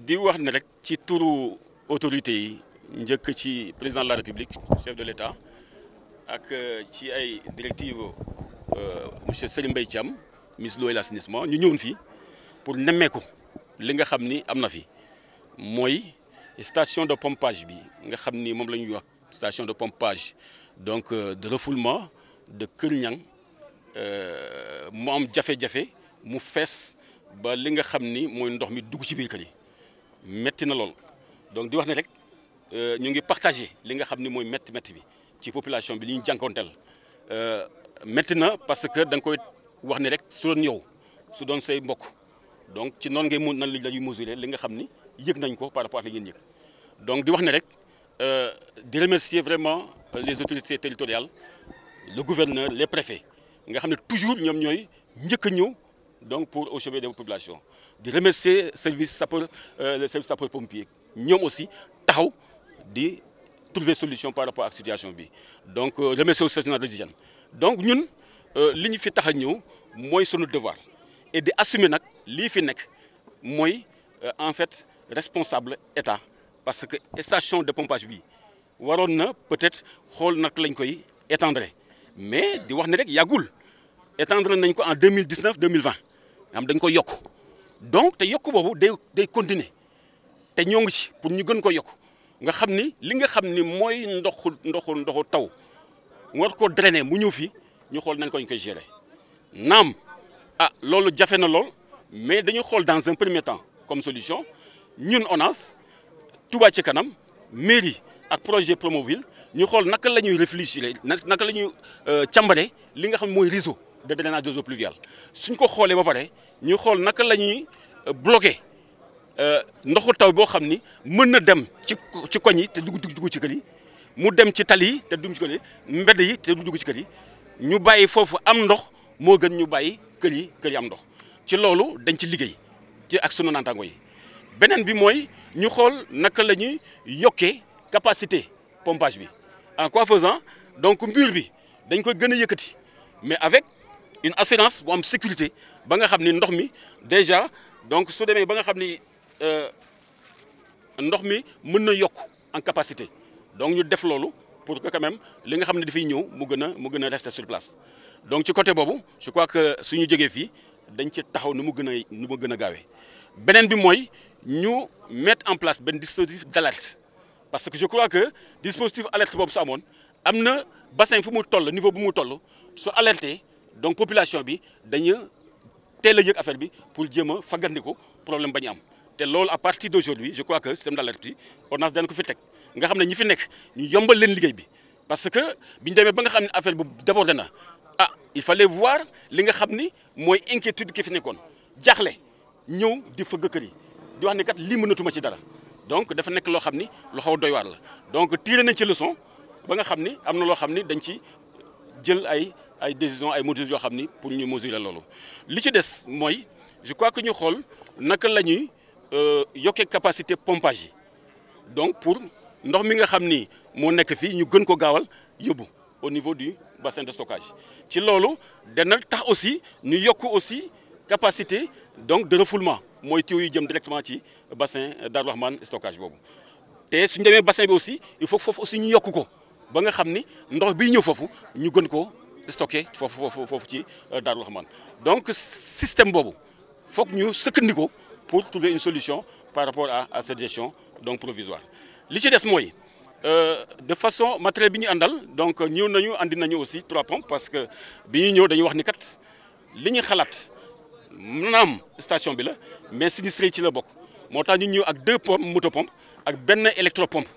di wax na rek ci turu autorité yi njëkk ci président de la république chef de l'état ak euh, ci ay directive euh, monsieur Serigne Mbaye Thiam ministre de l'assainissement ñu ñëwoon fii pour nemmeeku li nga xam ni am na fi mooy station de pompage bi nga xam ni moom la ñuy wax station de pompage donc euh, de refoulement de Kër Niang mu am jafe-jafe mu fees ba li nga xam ni mooy ndox mi dugg ci biir kër yi métti na lool donc di wax ne rek euh, ñu ngi partagé li nga xam ni mooy métti métti bi ci population bi li ñu jànkoonteel euh, métti na parce que da nga koy wax ne rek su doon yow su doon say mbokk donc ci noonu ngay mun nan la ñuy mesurer li nga xam ni yëg nañ ko par rapport ak li ngeen yëg donc di wax ne rek euh, di remercier vraiment les autorités territoriales le gouverneur les préfets nga xam ne toujours ñoom ñooy njëkk a ñëw. donc pour au chevet des population di remercier service sapeur euh, le service sapeur pompier ñoom aussi taxaw di trouver solution par rapport ak situation bi donc euh, remercier aussi service de l'hygiène donc ñun euh, li ñu fi tax a ñëw mooy sunu devoir et di assumer nag lii fi nekk mooy en fait responsable état parce que station de pompage bi waroon na peut-être xool nag lañ koy étendre mais di wax ne rek yàggul étendre nañ ko en 2019 2020 am dañ koy yokk donc te yokk boobu day day continuer te ñoo ngi ci pour ñu gën ko yokk nga xam ni li nga xam ni mooy ndoxu ndoxu ndoxu taw war ko drainer mu ñëw fii ñu xool nañ ko koy gérer naam ah loolu jafe na lool mais dañu xool dans un premier temps comme solution ñun ONAS Touba ci kanam mairie ak projet Promoville ñu xool naka la ñuy réfléchir naka la ñuy euh, càmbare li nga xam mooy réseau de drainage des eaux pluviales suñ ko xoolee ba pare ñu xool naka la ñuy euh, bloqué euh, ndoxu taw boo xam ni mën na dem ci ci koñ yi te dugg dugg ci kër yi mu dem ci tali yi te dugg ci kër yi mbedd yi te dugg ci kër yi ñu bàyyi foofu am ndox moo gën ñu bàyyi kër yi kër am ndox ci loolu dañ ci liggéey ci ak sunu naataango yi beneen bi mooy ñu xool naka la ñuy yokkee capacité pompage bi en quoi faisant donc mur bi dañ koy gën a yëkkati mais avec une assurance bu am sécurité ba nga xam ni ndox mi déjà donc su demee ba nga xam ni euh, ndox mi mën na yokk en capacité donc ñu def loolu pour que quand même li nga xam ne dafay ñëw mu gën a mu gën a rester sur place donc ci côté boobu je crois que suñu jógee fii dañ ci taxaw nu mu gën a nu mu gën a gaawee beneen bi mooy ñu mettre en place benn dispositif d'alerte parce que je crois que dispositif alerte boobu su amoon am na bassin fu mu toll niveau bu mu toll su alerté donc population bi dañu teel a yëg affaire bi pour jéem a faggandiku problème ba am te loolu à partir d' aujourd'hui je crois que système d' alerte bi ordonnance dana ko fi teg nga xam ne ñi fi nekk ñu yombal leen liggéey bi parce que bi ñu demee ba nga xam ne affaire bu débordé na ah il fallait voir li nga xam ni mooy inquiétude ki fi nekkoon jaxle ñëw di fëgg kër yi di wax ne kat lii mënatuma ci dara donc dafa nekk loo xam ni lu xaw doy waar la donc tiré nañ ci leçon ba nga xam ni am na loo xam ni dañ ci jël ay. ay décisions ay mesures yoo xam ni pour ñu mesurer loolu. li ci des mooy je crois que ñu xool naka la ñuy euh, yokkee capacité pompage yi donc pour ndox mi nga xam ni moo nekk fii ñu gën ko gaawal yóbbu au niveau du bassin de stockage ci loolu dana tax aussi ñu yokk aussi capacité donc de refoulement mooy tuyaux yu jëm directement ci bassin wax Rahmane stockage boobu. te suñu demee bassin bi aussi il faut foofu aussi ñu yokk ko ba nga xam ni ndox biy ñëw foofu ñu ko stocké foofu foofu foofu ci euh, Darou Rahmane donc système boobu foog ñu sëkkandiko pour trouver une solution par rapport à à cette gestion donc provisoire li ci des mooy euh, de façon matériel bi ñu àndal donc ñëw nañu andi nañu aussi trois pompes parce que bi ñuy ñëw dañuy wax ni kat li ñu xalaat naam station bi la mais sinistré ci la bokk moo tax ñu ñëw ak deux pompes moto ak benn électropompe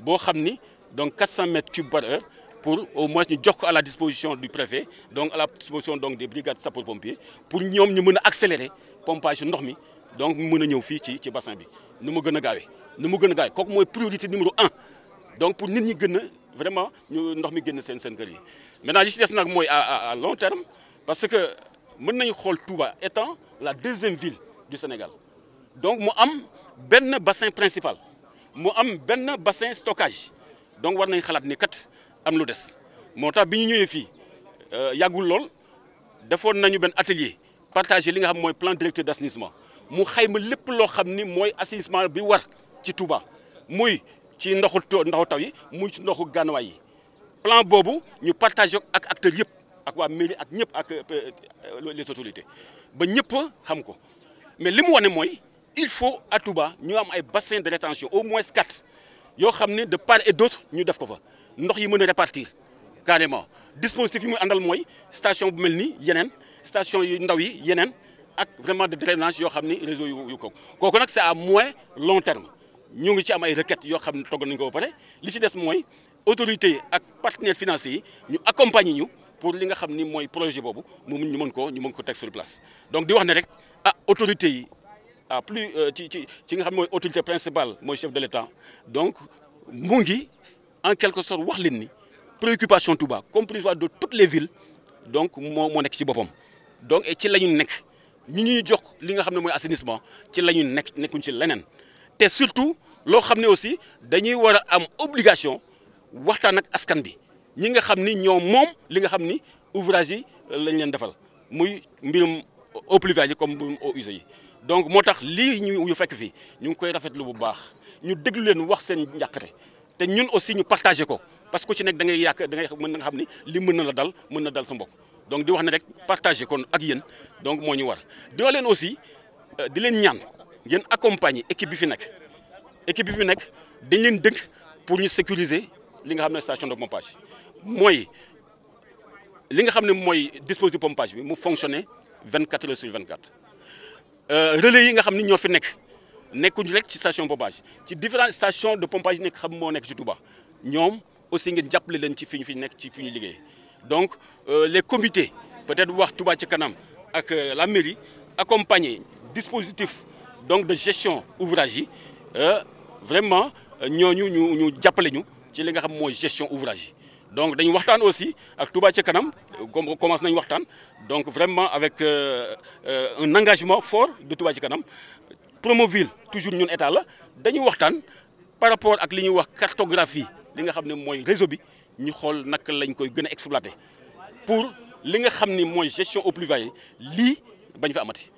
boo xam ni donc 400 mètres cubes par heure pour au moins ñu jox ko à la disposition du préfet donc à la disposition donc des brigades sapeurs-pompiers pour ñoom ñu mën a accélérer pompage ndox mi donc mu mën a ñëw fii ci ci bassin bi nu mu gën a gaawee nu mu gën a kooku mooy priorité numéro un donc pour nit ñi gën a vraiment ñu ndox mi génn seen seen kër yi maintenant li ci nag mooy à à long terme parce que mën nañu xool Touba étant la deuxième ville du Sénégal donc mu am benn bassin principal mu am benn bassin stockage donc war nañ xalaat ni kat. am lu des moo tax bi ñu ñëwee fii euh, yàggul lool defoon nañu benn atelier partagé li nga xam mooy plan directeur d' assainissement mu xayma lépp loo xam ni mooy assainissement bi war ci Touba muy ci ndoxu ndoxu taw yi muy ci ndoxu gànnawaay yi plan boobu ñu partagé ak acteurs yëpp ak waa mairie ak ñëpp ak euh, les autorités ba ñëpp xam ko mais li mu wane mooy il faut à Touba ñu am ay bassin de rétention au moins quatre yoo xam ne de par et d' ñu def ko fa. ndox yi mën a répartir carrément dispositif yi muy àndal mooy station bu mel ni yeneen station yu ndaw yi yeneen ak vraiment de drainage yoo xam ni réseau yu yu ko kooku nag c'est à moyen long terme ñu ngi ci am ay requêtes yoo xam ne togg nañu ko pare li ci des mooy autorité ak partenaires financiers yi ñu accompagner ñu pour li nga xam ni mooy projet boobu mu ñu mën ko ñu mën ko teg sur place donc di wax ne rek ah autorité yi ah plus euh, ci ci ci nga xam mooy autorité principale mooy chef de l'État donc mu ngi. en quelque sorte wax leen ni préoccupation Touba comprise de toutes les villes donc moo moo nekk ci boppam donc et ci la ñu nekk ñu ñuy jox li nga xam ne mooy assainissement ci la ñu nekk nekkuñ ci leneen te surtout loo xam ne aussi dañuy war a am obligation waxtaan ak askan bi ñi nga xam ni ñoom moom li nga xam ni ouvrage yi lañ leen defal muy mbirum eaux yi comme mbirum eaux usées yi donc moo tax lii ñu fekk fii ñu ngi koy rafetlu bu baax ñu déglu leen wax seen njàqare te ñun aussi ñu partagé ko parce que ku ci nekk da ngay yàq da ngay mën nga xam ni li mën na la dal mën na dal sa mbokk donc di wax ne rek partagé kon ak yen donc moo ñu war di wax leen aussi euh, di leen ñaan ngeen accompagner équipe bi fi nekk équipe bi fi nekk dañ leen dënk pour ñu sécuriser li nga xam ne station de pompage mooy li nga xam ne mooy dispositif pompage bi mu fonctionner 24 heures sur 24 euh, relais yi nga xam ni ñoo fi nekk. nekkuñu rek ci station pompage ci différentes stations de pompage nekk xam moo nekk ci Touba ñoom aussi ngeen jàppale leen ci fi ñu fi nekk ci fi ñu donc euh, les comités peut-être wax Touba ci kanam ak euh, la mairie accompagner dispositif donc de gestion ouvrage yi euh, vraiment ñooñu ñu ñu jàppale ñu ci li nga xam mooy gestion ouvrage donc dañu waxtaan aussi ak Touba ci kanam commence nañu waxtaan donc vraiment avec un engagement fort de Touba ci kanam Promoville toujours ñun état la dañuy waxtaan par rapport ak li ñuy wax cartographie li nga xam ne mooy réseau bi ñu xool naka lañ koy gën a exploiter pour li nga xam ni mooy gestion eaux pluviales lii bañ fa amati.